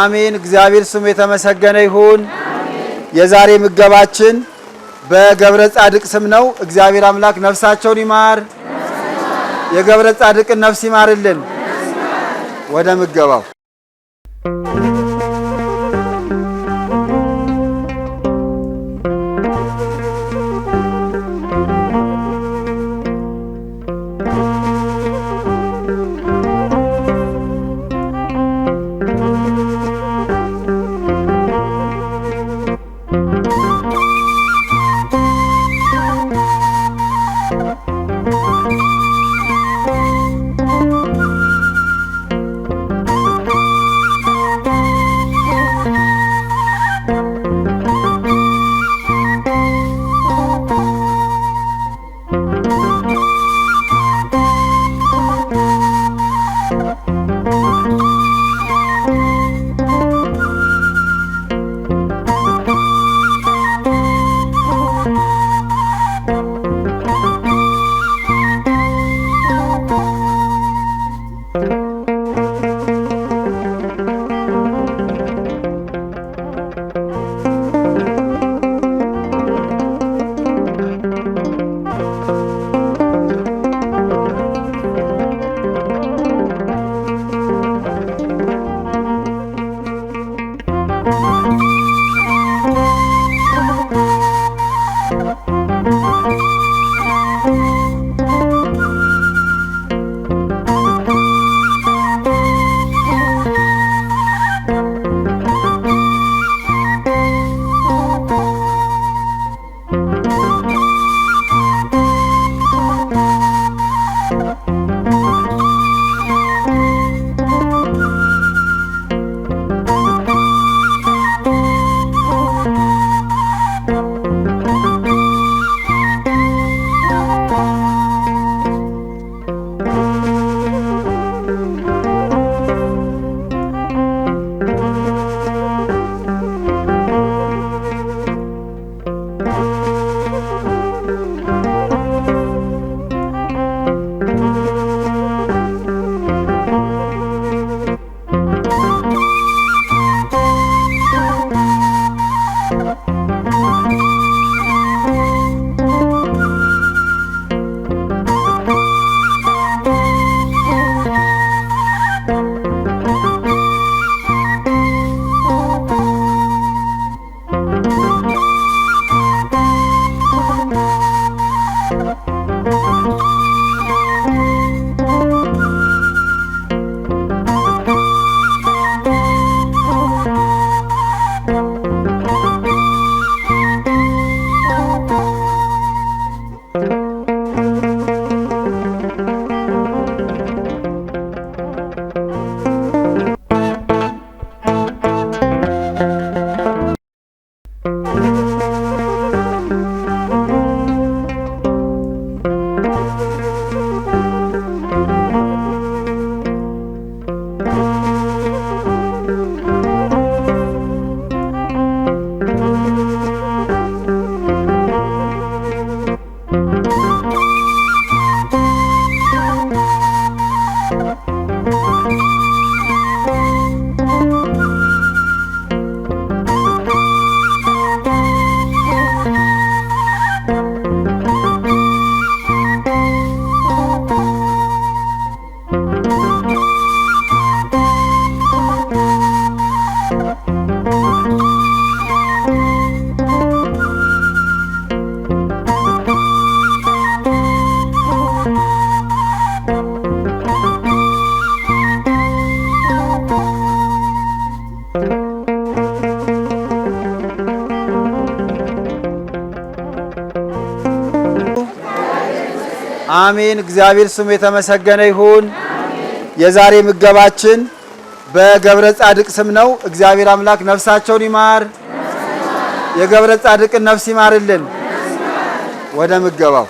አሜን። እግዚአብሔር ስሙ የተመሰገነ ይሁን። የዛሬ ምገባችን በገብረ ጻድቅ ስም ነው። እግዚአብሔር አምላክ ነፍሳቸውን ይማር። የገብረ ጻድቅን ነፍስ ይማርልን። ወደ ምገባው አሜን። እግዚአብሔር ስሙ የተመሰገነ ይሁን። የዛሬ ምገባችን በገብረ ጻድቅ ስም ነው። እግዚአብሔር አምላክ ነፍሳቸውን ይማር። የገብረ ጻድቅን ነፍስ ይማርልን። ወደ ምገባው